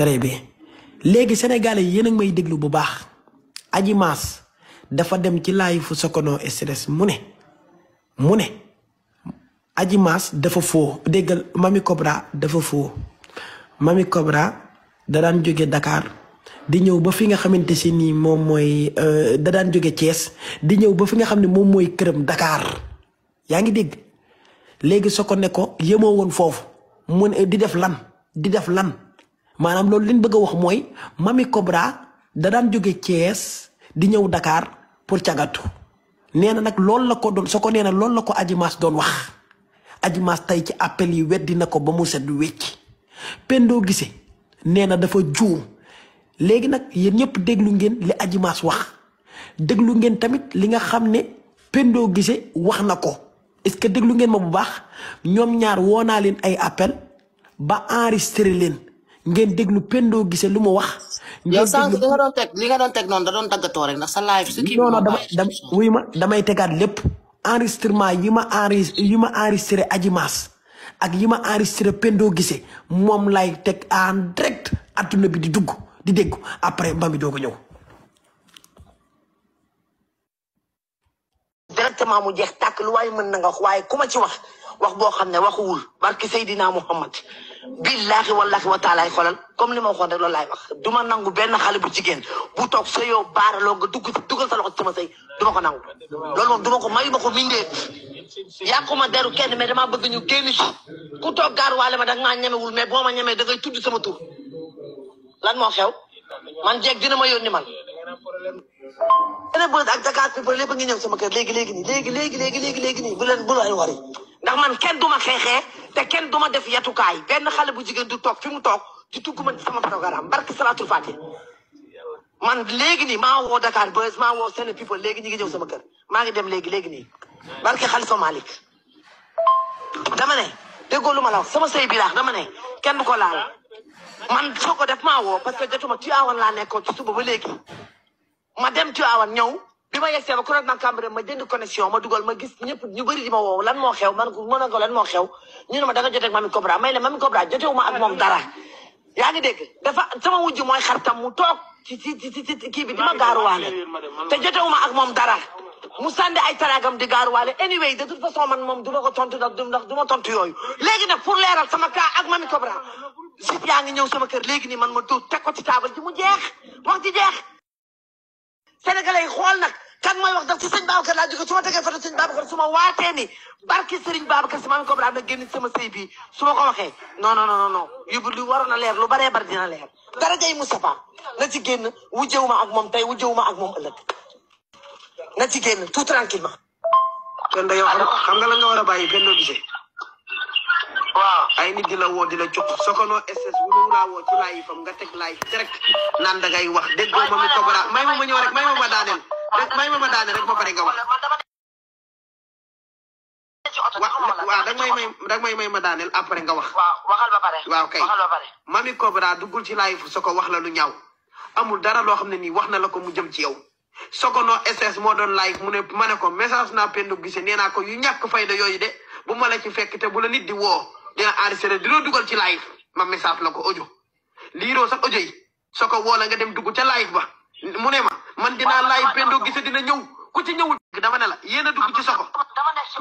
très bien léegi sénégalais yéen may déglu bu baax aji maas dafa dem ci laay fu sokono stress mu ne mu ne aji maas dafa foo déggal mami Cobra dafa foo mami Cobra dadaan jóge dakaar di ñëw ba fi nga xamante si nii moom mooy euh, da daan jóge Thiès di ñëw ba fi nga xam ne moom mooy këram dakaar yaa ngi dégg léegi soko ne ko yemoo woon foofu mu ne di def lan di def lan maanaam loolu leen bëgg a wax mooy mami Cobra da daan jóge Thiès di ñëw Dakar pour cagatu nee na nag loolu la ko doon soo ko nee na loolu la ko Adji doon wax Adji Mass tey ci appel yi weddi na ko ba mu set wecc pendoo Guissé nee na dafa juum léegi nag yéen ñëpp déglu ngeen li Adji wax déglu ngeen tamit li nga xam ne Pendo Guissé wax na ko est-ce que déglu ngeen ma bu baax ñoom ñaar woo naa leen ay appel ba enregistré leen ngeen déglu Pendo Guissé lu mu wax. ngeen déglu li nga doon teg noonu da doon tàggatoo rek na sa live. su kii dama dama wuy ma damay tegaat lépp enregistrement yi ma enri yi ma enregistré Adji ak yi ma enregistré Pendo Guissé moom lay teg en direct adduna bi di dugg di dégg après Bambi doog a ñëw. exactement mu jeex tàkk lu waaye mën na nga wax waaye ku ma ci wax wax boo xam ne waxuwul barki Seydina Muhammad billaahi wallaahi wa taalaay xolal comme li ma waxoon rek loolu laay wax du ma nangu benn xale bu jigéen bu toog sa yow baaraloo nga dugg duggal sa loxo sama sëy du ma ko nangu loolu moom du ma ko mayu ma ko mindee yàquma deru kenn mais damaa bëgg ñu génn si ku toog gaar waale ma da nga maa ñemewul mais boo ma ñemee da ngay tudd sama tur lan moo xew man jeeg dina ma yónni benn bërëb ak Dakar people lépp ngi ñëw sama kër léegi léegi nii léegi léegi léegi léegi léegi nii bu leen bu ay wari ndax man kenn duma xeexee te kenn duma def yatukaay benn xale bu jigéen du toog fi mu toog di tugg man sama programme barke salatul fati man léegi nii maa woo Dakar Buzz maa woo seen people léegi ñu ngi ñëw sama kër maa ngi dem léegi léegi nii barke Xalifa Malik dama ne déggoo lu ma la wax sama sëy bi laax dama ne kenn du ko laal man soo ko def maa parce que jotuma ci awoon laa nekkoon ci suba ba léegi ma dem Tiwaawan ñëw bi ma yegsee ba correctement Cambérène ma jënd connexion ma dugal ma gis ñëpp ñu bëri di ma woow lan moo xew man mën ko lan moo xew ñu ne ma da nga ak Mamy Cobra may la Mamy Cobra jotewu ma ak moom dara yaa mu toog ci ci ci kii bi di ma gaaruwaale te jotewu ma ak moom dara mu sànni ay taraagam di gaaruwaale anyway de toute façon man moom du ma ko tontu ndax du ndax du ma tontu yooyu léegi nag pour leeral sama cas ak Mamy Cobra sit yaa ngi ñëw sama kër léegi nii man ma tuut teg ko ci taabal ji mu jeex wax ji jeex sénégalais yi xool nag kan mooy wax dëgg ci sëñ Babacar laa jóge su ma tegee foto sëñ Babacar su ma waatee ni barki sëriñ Babacar si maam ko am na génn sama sëy bii su ma ko waxee non non non non yóbbu lu waroon a leer lu baree bari dina leer dara jay Moustapha na ci génn wujjewuma ak moom tey wujjewuma ak moom ëllëg na ci génn tout tranquillement kon da yow xam nga la nga war a bàyyi benn gisee ay nit di wo dila di sokono ss wulu laa wo ci laay fam nga teg laay direct nan da ngay wax déggoo ma mi may ma ma rek may ma ma daaneel rek may ma rek ba pare nga wax waaw dag may may dag may may ma après nga wax soko wax sokono ss modern life, live mu ne ma ko message pendu ko yu fayda bu ma la di dina enregistré dina dugal ci live ma message la ko audio liiroo sax audio soo ko woo nga dem dugg ca live ba mu ne ma man dinaa live Pendo Guissé dina ñëw ku ci ñëwul dama ne la yéen dugg ci soko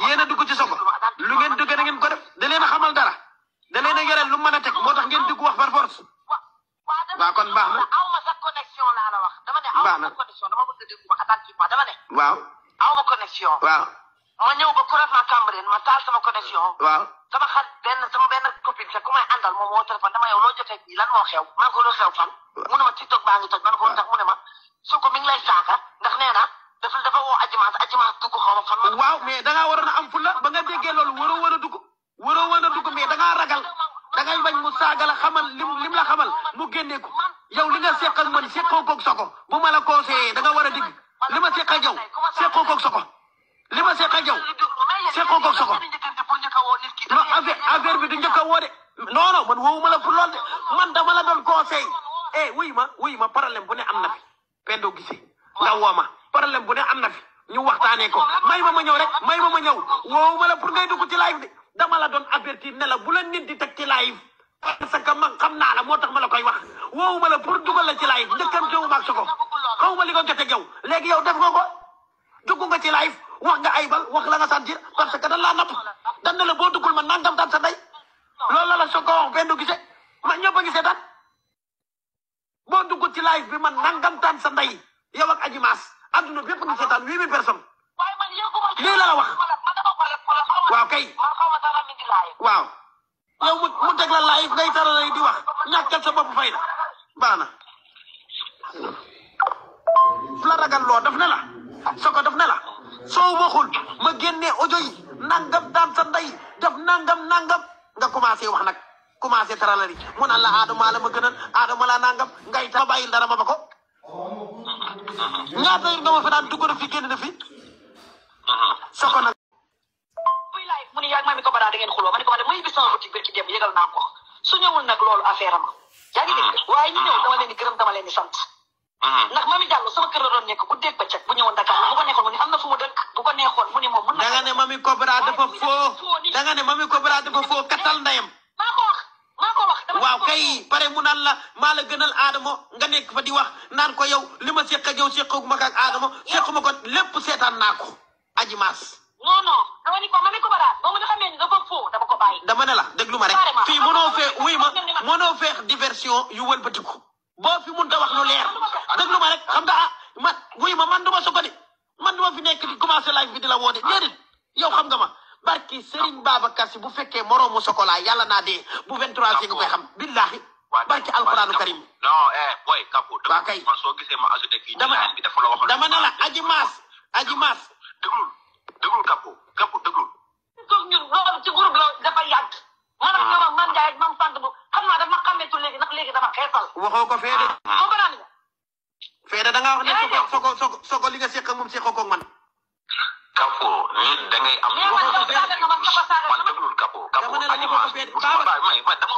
yéen a dugg ci soko lu ngeen dugg na ngeen ko def da leen a xamal dara da leen a lu mën a teg moo tax ngeen dugg wax par force waaw kon baax na baax na waaw. waaw. ma ñëw ba courant Cambérène ma taal sama connexion. waaw sama xar benn sama benn copine sax ku may àndal moom moo téléphone dama yow loo jotee kii lan moo xew. maa ngi ko lu xew fan. mu ne ma TikTok baa ngi toj man ko lu tax mu ne ma su ko mi ngi lay saaka ndax nee na dafa dafa woo ajimaas ajimaas dugg xaw ma fan. waaw mais da ngaa waroon a am fulla ba nga déggee loolu waroo war a dugg waroo war a dugg mais da ngaa ragal da ngay bañ mu saaga la xamal lim lim la xamal mu génne ko yow li nga seqal man seqoo koog sa ko ngay dugg ci live dama la doon avertir ne bu la nit di teg ci live parce que man xam naa la moo tax ma koy wax woowu ma la pour dugal la ci live njëkkante wu ma ak sa ko xaw ma li nga jotee yow léegi yow def nga ko dugg nga ci live wax nga ay bal wax la nga sentir parce que dañ laa napp dañ ne la boo duggul ma nangam tam sa day loolu la la soo ko wax benn ma ñëpp a gisee daal boo dugg ci live bi man nangam sa ndey yow ak aji maas adduna bépp ngi seetaan huit mille personnes lii la waaw kay. waaw. yow mu mu teg la live ngay tara lay di wax ñàkkal sa bopp fay na baax ragal loo daf ne la soko daf ne la soo waxul ma génnee audio yi nangam daan sa ndey def nangam nangam nga commencé wax nag commencé taralari mu naan la Adama la ma gënal Adama laa nangam ngay ta ma bàyyi dara ma ba ko ñaata yoon dama fa daan dugg na fi génn na fi soko nag yaag Mamy Camara da ngeen xuloo ma ne ko ma ne muy bi sama boutique bi ci dem yëgal naa ko su ñëwul nag loolu am yaa ngi dégg mm-hmm. waaye ñu ñëw dama leen di gërëm dama leen di sant mm-hmm. ndax Mamy Diallo sama kër la doon ko neexoon mu ne am na fu mu dëkk bu ko neexoon mu ne moom mën na da nga ne Mamy Camara dafa foo da maa ko wax maa ko wax waaw kay pare mu naan la maa la gënal aadama nga nekk fa di wax naan ko yow li ma séq ak yow séqaguma ko ak aadama séquma ko lépp seetaan naa ko aji maas non non dama ni ko ma ne ko baraat ba mu xamee ni dafa faux dama ko bàyyi. dama ne la déglu ma rek fii mënoo fee wuy ma mënoo feex diversion yu wëlbatiku boo fi mënut a wax lu leer déglu ma rek xam nga ah man wuy ma man duma sogoni man duma fi nekk di commencé live bi di la woote déedéet yow xam nga ma. barki Serigne Babacar si bu fekkee moroomu Sokola yàlla naa dee bu 23 si nga koy xam. billahi barki alquranu karim. non eh booy Kapo. waaw kay dama dama ne la aji maas aji maas. dëggul Kappo Kappo dëggul. toog ñun loolu ci groupe la dafa yàgg. man ak ñoom ak man Ndiaye ak man sant bu xam naa dama xàmmeetul léegi ndax léegi dama xeesal. waxoo ko fee de. ko ah. naan nga. fee de da ngaa wax ne soko soko soko li nga seq moom seqoo ko man. Kappo nit da ngay am. Eh, waxoo ko fee de man dëggul Kappo. Kappo Adima dama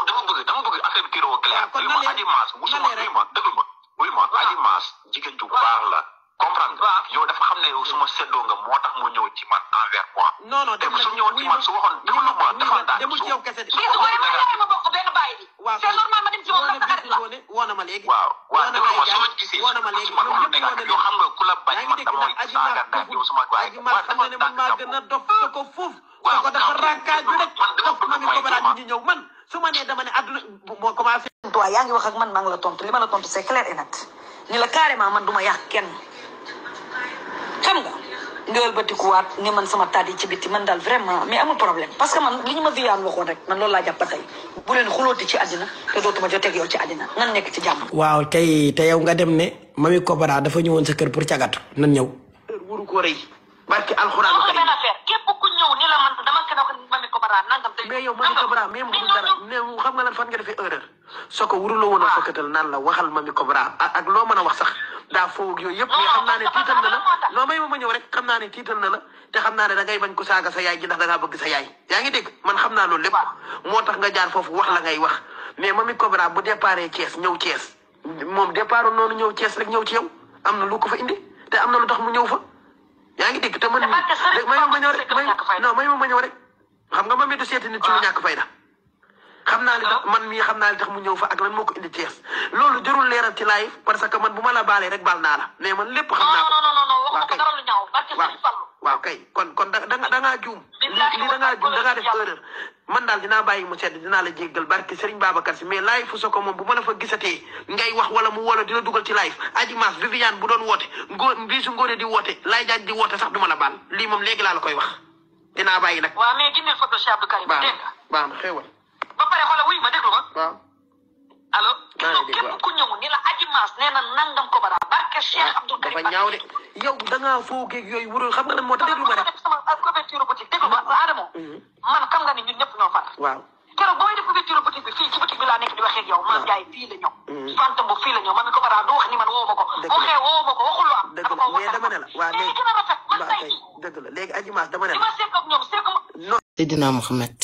dama bëgg dama bëgg affaire bi ah, kii la woo clair. kon ma Adima wusu ma wuyu ma dëggul ma wuyu ma Adima jigéen ju baax la. comprendre nga. yow dafa xam ne yow su ma seetloo nga moo tax mu ñëw ci man envers moi. non non dem su ñëwoon ci man su waxoon déglu ma dafa daan su. mais su boole ma yaakaar ma bokk benn baay bi. waaw c'est normal ma dem ci moom la sa xarit la. woo na ma léegi waaw waaw déglu ma su ma gisee. woo na ma léegi ñoom ñëpp woo na yow xam nga ku la bañ man dama woon saaga ndax yow su ma. waaye waaw dama daan maa gën a dof ko foofu. waaw waaw dafa rànkaaju rek. man dama bëgg mooy ci ma ñu ñëw man su ma nee dama ne àdduna moo commencé. waaw yaa ngi wax ak man maa ngi la tontu li ma la tontu c'est clair et net ni la carrément man duma yàq kenn nga wëlbatikuwaat ni man sama taat yi ci biti man daal vraiment mais amul problème parce que man li ñu ma Viviane waxoon rek man loolu laa jàpp bu leen xulooti ci àddina te dootuma joteeg yow ci àddina nan nekk ci jàmm. waaw te yow nga dem ne Mamy Cobra dafa ñëwoon sa kër pour cagatu nan ñëw. waru ko rëy. barki alxuraan kay benn affaire képp ku ñëw ni la man dama kenn ko Mamy Camara nangam tey mais yow Mamy Camara même mu dara mais xam nga lan fan nga defee erreur a ah. fëkkatal naan la a wax sax daa foog naa ne tiital na la non ma ma ñëw na la te xam naa ne da ngay bañ ko saaga sa yaay gi ndax da ngaa bëgg sa yaay yaa ngi dégg man xam naa loolu lépp moo tax nga jaar foofu wax la ngay wax mais Mamy Camara bu déparé Thiès ñëw Thiès moom départ noonu ñëw Thiès rek ñëw ci yow am na lu ko fa indi te am na lu tax mu ñëw fa may ma ñëw rek may non may ma ma ñëw rek xam nga ma mi du seeti nit ci lu ah. ñàkk fayda xam naa li tax ah. man mii xam naa li tax mu ñëw fa ak lan moo ko indi Thiès loolu jarul leeral ci live parce que man bu ma la baalee rek bal naa la mais man lépp xam naa ko waaw kay waaw waaw kay kon kon da da nga da nga juum li da ngaa juum da ngaa def erreur man daal dinaa bàyyi mu sedd dinaa la jéggal barki Serigne Babacar kan si mais live sa ko moom bu ma la fa gisatee ngay wax wala mu wala dina dugal ci live aji mas Viviane bu doon woote ngóor mbiisu ngóore di woote lay jaaj di woote sax duma la baal lii moom léegi laa la koy wax dinaa bàyyi nag. waaw mais gindil photo Cheikh Abdou Karim. baax na baax na ba pare xoolal wuy ma déglu ma. waaw. allo. maa ngi dégg waaw dimanche a na nangam ko bara barke Cheikh ah, Abdou Karim dafa ñaaw de yow da ngaa foogeeg yooyu wurul xam moo tax déglu ma rek mhm. nga ni ñun ñëpp ñoo far waaw keroog ba may def couverture boutique bi fii ci boutique bi laa nekk di waxee ak yow maam ah. Ndiaye fii la ñëw mhm. fantam bu fii la ñëw man ko bara du wax ni man woo ma ko waxee woo ma ko dama ne la a rafet dëgg la léegi ma seet ak ñoom seet ko Seydina Mohamed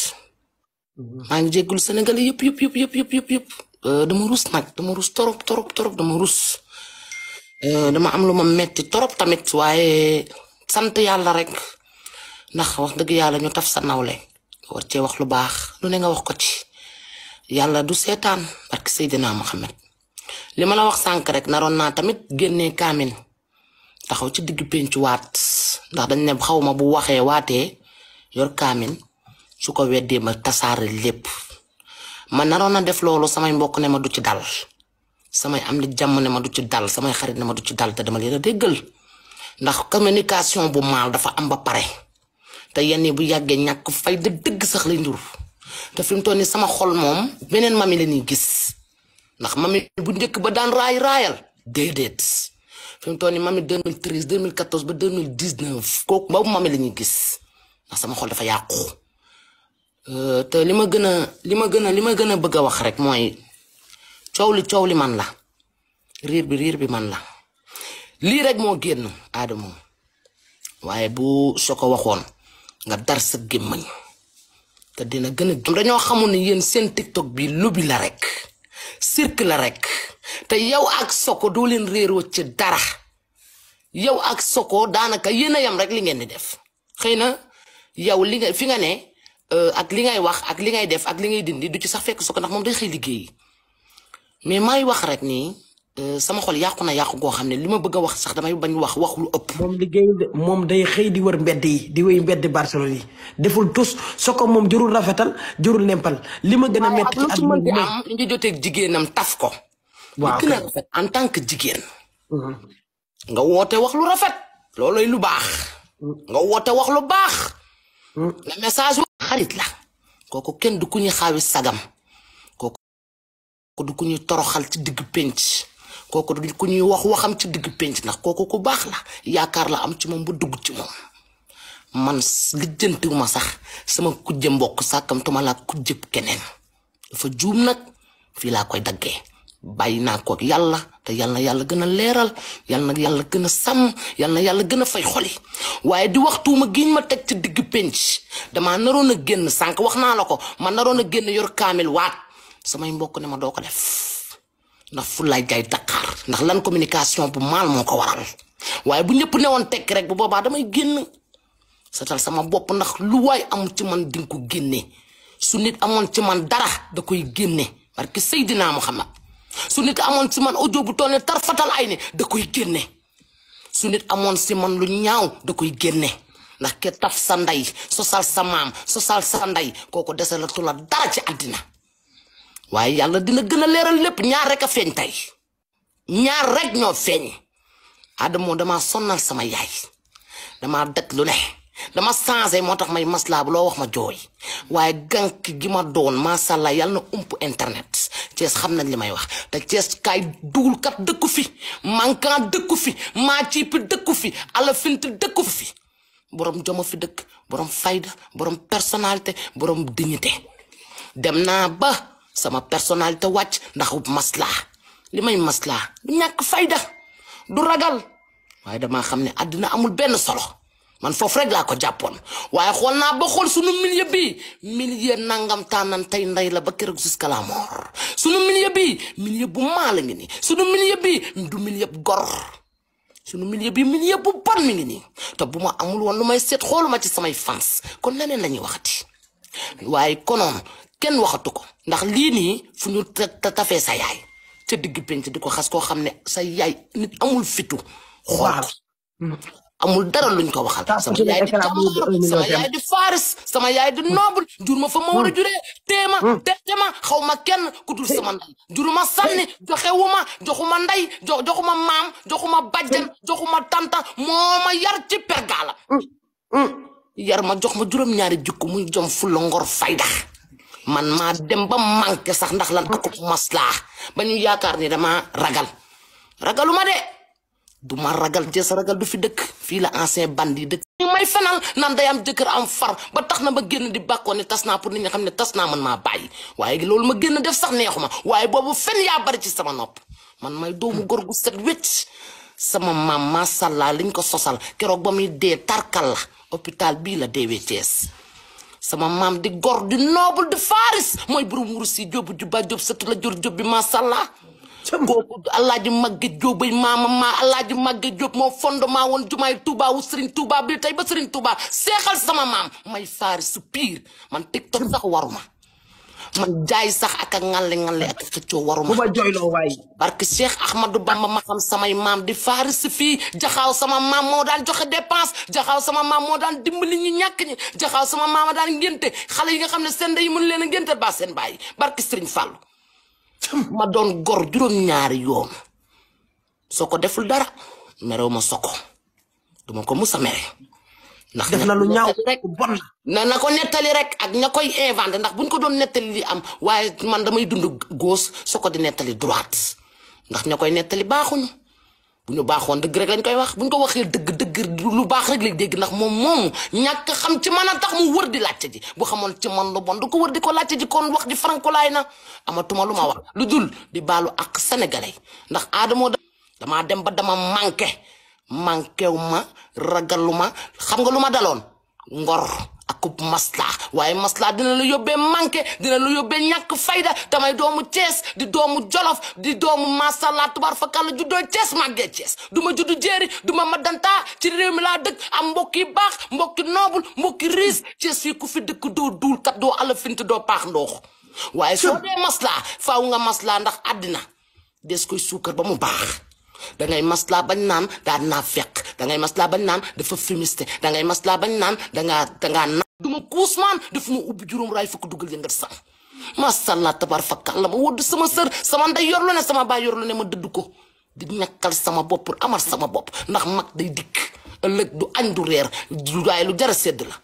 mhm. maa ngi jéggul Sénégal yëpp yëpp yëpp yëpp Euh, dama rus nag dama rus torop torop torop dama rus euh, dama am lu ma metti trop tamit waaye sant yàlla rek ndax wax dëgg yàlla ñu taf sa nawle war cee wax lu baax lu ne nga wax ko ci yàlla du seetaan barki Seydina Mohamed li ma la wax sànq rek naroon naa tamit génnee kaamin taxaw ci digg penc waat ndax dañ ne xaw ma bu waxee waate yor kaamin su ko weddee ma tasaare lépp. ma naroon na def loolu samay mbokk ne ma du ci dal samay am di jàmm ne ma du ci dal samay xarit ne ma du ci dal te dama leen a déggal ndax communication bu maal dafa am ba pare te yenn bu yàggee ñàkk fay dëgg dëgg sax lay ndur te fi mu toll nii sama xol moom beneen mami la ñuy gis ndax mami bu njëkk ba daan raay raayal déedéet fi mu toll nii mami 2013 2014 ba 2019 kooku boobu mami la ñuy gis ndax sama xol dafa yàqu. Euh, te li ma gën a li ma gën a li ma gën a bëgg a wax rek mooy coow li coow li man la riir bi riir bi man la lii rek moo génn Adamo waaye bu soo ko waxoon nga dar sa gémmañ te dina gën a dañoo xamul ne yéen seen tiktok bi lubi la rek cirque la rek te yow ak soko doo leen réeroo ci dara yow ak soko daanaka yéen a yam rek li ngeen di def xëy na yow li nga fi Euh, ak li ngay wax ak li ngay def ak li ngay dindi du ci sax fekk su ko ndax moom day xëy liggéeyi mais may wax rek nii euh, sama xol yàqu na yàqu goo xam ne li ma bëgg a wax sax damay bañ wax wax lu liggéey moom day xëy di wër mbedd yi di wéy mbedd Barcelone yi deful tus soo moom jurul rafetal jurul nempal li ma gën a métti ak moom li nga jigéenam taf ko. waaw gën tant que jigéen. Mm-hmm. woote wax lu rafet. loolu lu baax. Mm-hmm. nga wax lu baax. mais message xarit la kooku kenn du ku ñuy xaawi sagam kooku du ku ñuy toroxal ci digg pénc kooku du ku ñuy wax waxam ci digg pénc ndax kooku ku baax la yaakaar la am ci moom bu dugg ci moom man lijjantiwuma sax sama kujje mbokk sàkkamtuma laa kujjëb keneen dafa juum nag fii laa koy daggee bàyyi ko ak yalla te yal na gëna léral yalla nak yalla na sam yalla yalla gëna yal na fay xoli waye di waxtuuma giñ ma tek ci digg pench dama narona genn sank waxna lako naa la ko ma na a yor kamil wat samay mbokk ne ma doo ko def ndax fulaay jaay Dakar ndax lan communication bu mal moko waral waye bu ñepp neewon tek rek bu boba damay genn satal sama bop ndax lu way am ci man di ko genné su nit amon ci man dara da koy genné parce sayidina Muhammad su nit amoon si man audio bu tar fatal ay ni da koy génne su nit amoon si man lu ñaaw da koy génne ndax ke taf sa ndey sosal sa maam sosal sa ndey kooku dese la tula dara ci àddina waaye yàlla dina gën a leeral lépp ñaar rek feeñ tey ñaar rek ñoo feeñ Adamo dama sonnal sama yaay dama daj lu ne dama changé moo tax may maslaa bu loo wax ma jooy waaye gànk gi ma doon macha allah yal na ump internet Thiès xam nañ li may wax te Thiès kaay dugul kat dëkku fi mankan dëkku fi maa ciip dëkku fi alafint dëkku fi borom joma fi dëkk borom fayda borom personnalité borom dignité dem naa ba sama personnalité wàcc ndaxu maslaa li may maslaa du ñàkk fayda du ragal waaye dama xam ne àddina amul benn solo man foofu rek laa ko jàppoon waaye xool naa ba xool sunu milieu bi nangam tànnan tey ndey la ba keroog jusqu'à la mort sunu bi milieu bu maa la ngi nii sunu milieu bi du milieu gor sunu millier bi milieu bu bon mi ngi nii te bu ma amul woon lu may seet xooluma ci samay fans kon leneen la ñuy waxati waaye konoon kenn waxatu ko ndax lii nii fu ñu tafee sa yaay ca digg penc di ko xas koo xam ne sa yaay nit amul fitu xool amul dara luñ ko waxal ah, sama yaay di sama di faris sama yaay di hmm. noble jur fa ma war tema tema téema téema kenn ku dul sama hmm. ndal juruma sanni hmm. joxewuma joxuma nday joxuma mam joxuma badjan joxuma tanta moma ma yar ci pergala yar ma jox ma ñaari jikko muy jom ful ngor fayda man ma dem ba manke sax ndax lan ko maslaa ni dama ragal ragaluma de ma ragal njees ragal du fi dekk fi la ancien bandi dekk ñu may fenal nan day am jeuker am far ba taxna ma di bakone tasna tas pour nit ñi xamne tasna tas man ma bayyi waye loolu ma genn def sax neexuma waye bobu fen ya bari ci sama nop man may doomu gor gu set wet sama mama sala liñ ko sosal kéro ba muy dee tarkal la hôpital bi la deewee sama mam di gor di noble di faris moy burum wurus jobu jóobu job jóob sëtu la jor job bi sala kooku alaaji Maguette Diop bay maama maa alaaji Maguette Diop moo fondement woon jumaay Touba wu Serigne Touba bi tey ba Serigne Touba seexal sama maam may faari su piir man TikTok sax waruma man jaay sax ak a ŋàlle ŋàlle ak xëccoo waruma. bu ma jooyloo waaye. parce que Cheikh Ahmadou Bamba ma xam samay maam di faari si fii jaxaw sama maam moo daan joxe dépense jaxaw sama maam moo daan dimbali ñi ñàkk ñi jaxaaw sama maama daan ngénte xale yi nga xam ne seen ndey mënu leen a ngénte ba seen bàyyi barke Serigne Fallou ma doon gor juróom-ñaari yoon soo ko deful dara merew ma soko duma ko musa mere ndax def na lu ñaaw rek bon na na ko nettali rek ak ña koy inventé ndax buñ ko doon nettali li am waaye man damay dund gauche soo ko di nettali droite ndax ña koy nettali baaxuñu bu ñu baaxoon dëgg rek lañ koy wax bu ñu ko waxee dëgg dëgg lu baax rek lay dégg ndax moom moom ñàkk xam ci man a tax mu wër di laajte ji bu xamoon ci man lu bon du ko war di ko laajte ji kon wax ji farankolaay na amatuma lu ma wax lu dul di baalu ak sénégalais ndax aadamoo damaa dem ba dama manqué manqué wu ma ragaluma xam nga lu ma daloon ngor akub maslaa waaye maslaa dina la yóbbee manqué dina la yóbbee ñàkk fayda tamay doomu Cees di doomu Jolof di doomu masala tubar fa kàlla juddoo Cees màggee Cees du ma juddu jéeri du ma madanta ci réew mi laa dëkk am mbokk yi baax mbokk noble mbokk riis Cees fii ku fi dëkk doo duul kat doo alafint doo paax ndoox waaye soo dee maslaa faaw nga maslaa ndax àddina des koy suukar ba mu baax da ngay maslaa ba naan daa naa fekk da ngay maslaa nam, naan dafa fumiste da ngay maslaa ba naan dangaa dangaa na. duma kuus maan daf ma ubbi juróom raay dugal yëngat sax tabar fakkan la ma sama sër sama nday yorlu ne sama baay yorlu ne ma di sama bopp pour amal sama bop, ndax mak day dik. ëllëg du añ du reer du lu jara sedd la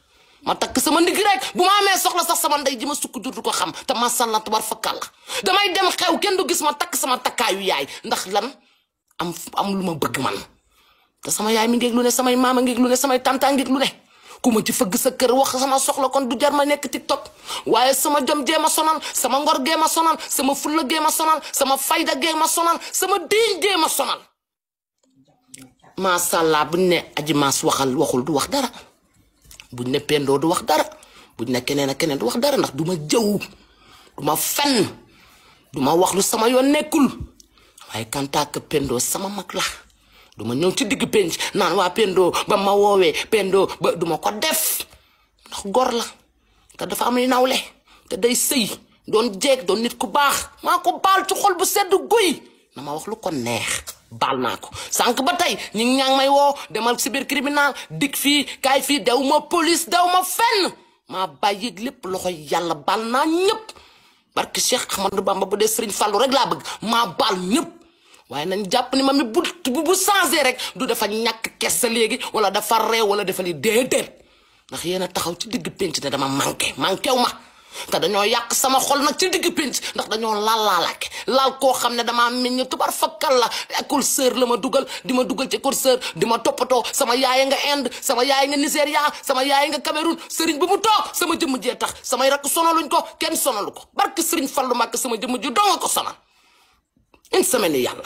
ma takk sama ndigg rek bu ma amee soxla sax sama sukk ko xam tabar fakkan Damai damay dem xew kenn du gis ma takk sama takkaayu yaay ndax lan am am lu ma bëgg man te sama yaay mi ngeeg lu ne samay maama ngeeg lu ne samay tàntaa ngeeg lu ne ku ma ci fëgg sa kër wax sama soxla kon du jar ma nekk TikTok waaye sama jom gee ma sonal sama ngor gee ma sonal sama fulla gee ma sonal sama fayda gee ma sonal sama diin gee ma sonal macha allah buñ ne aji maas waxal waxul du wax dara buñ ne pendoo du wax dara buñ ne keneen ak keneen du wax dara ndax du ma jëw du ma fenn ma wax lu sama yoon nekkul waaye kan tak Pendo sama mak la duma ñew ci digg penc nan wa Pendo ba ma wowe Pendo ba duma ko def ndax gor la ta dafa am nawle te day sey don jek don nit ku bax mako bal ci xol bu sedd guuy na wax lu ko neex bal nako sank ba tay ñi ñang may wo demal si biir criminal dig fi kay fi dew ma police dew ma fenn maa bàyyi lépp loxo yalla bal na ñëpp barke Cheikh Ahmadou Bamba bu de Serigne Fallou rek la bëgg ma bal ñëpp waye nañ japp ni mami bu bu bu rek du dafa ñak kess legi wala dafa rew wala dafa li déedéet ndax yena taxaw ci digg pench ne dama manké manqué wu ma ta daño yak sama xol nak ci digg pench ndax dañoo laal laalaake laal koo xam ne tubar fakkal la école sœur lama duggal dugal di ma dugal ci école di ma sama yaay nga end sama yaay nga nigeria sama yaay nga Cameroun serigne bu mu tok sama jëm ji tax sama rak sonaluñ ko kenn sonaluko barke serigne Fallu mak sama jëm ji do nga ko sonal une semaine yàlla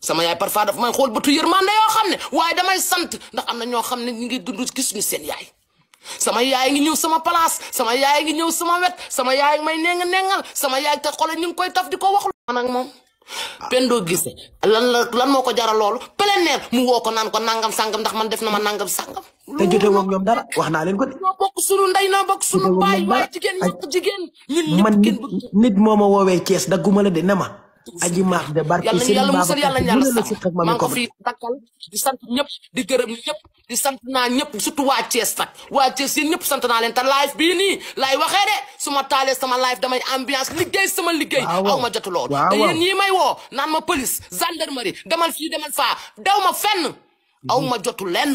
sama yaay parfois daf may xool bëtu yërmande yoo xam ne waaye damay sant ndax am na ñoo xam ne a ngi dund yaay sama yaay ngi ñëw sama place sama yaay ngi ñëw sama wet sama yaay may neng nengal sama yaay te xoolal ñu koy taf di ko wax. man ak moom Pendo Guissé lan la lan moo ko jaral loolu plénaire mu woo ko naan ko nangam sangam ndax man def na ma nangam sangam. te jotee woon ñoom dara wax naa ko de. noo bokk sunu ndey noo bokk sunu baay waaye jigéen ñun ñëpp nit nit moo ma woowee a la de ne aji maax de barki sëriñ yàlla musal yàlla ñaar sax maa ngi ko fi takkal di sant ñëpp di gërëm ñëpp di sant naa ñëpp surtout waa Thiès nag waa Thiès yéen ñëpp sant naa leen te live bi nii laay waxee de su ma taalee sama live damay ambiance liggéey sama liggéey aw ma jotu loolu te yéen ñii may woo naan ma police gendarmerie demal fii demal faa daw ma fenn aw ma jotu lenn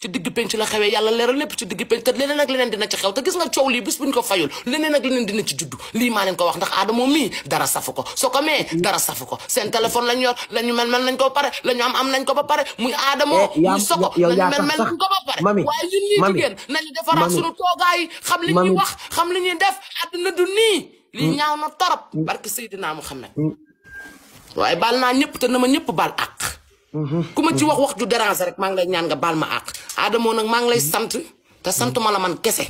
ci digg penc la xewee yàlla leeral lépp ci digg penc te leneen ak leneen dina ci xew te gis nga coow lii bis buñ ko fayul leneen ak leneen dina ci juddu li maa leen ko wax ndax Adamo mii dara safu ko soo ko mee dara safu ko seen téléphone lañ yor la ñu mel mel nañ ko ba pare la am am nañ ko ba pare muy Adamo eh, muy soko la ñu mel mel nañ ko ba pare waaye ñun ñii jigéen nañu defaraat suñu toogaay xam li ñuy wax xam li ñuy def àdduna du nii lii mm. ñaaw na torop mm. barke Seydina Muhammad mm. waaye baal naa ñëpp te na ma ñëpp baal àq Mhm. ku ma ci wax wax ju dérange rek maa ngi lay ñaan nga baal ma àq. Adamo nag maa ngi lay sant te santuma la man kese.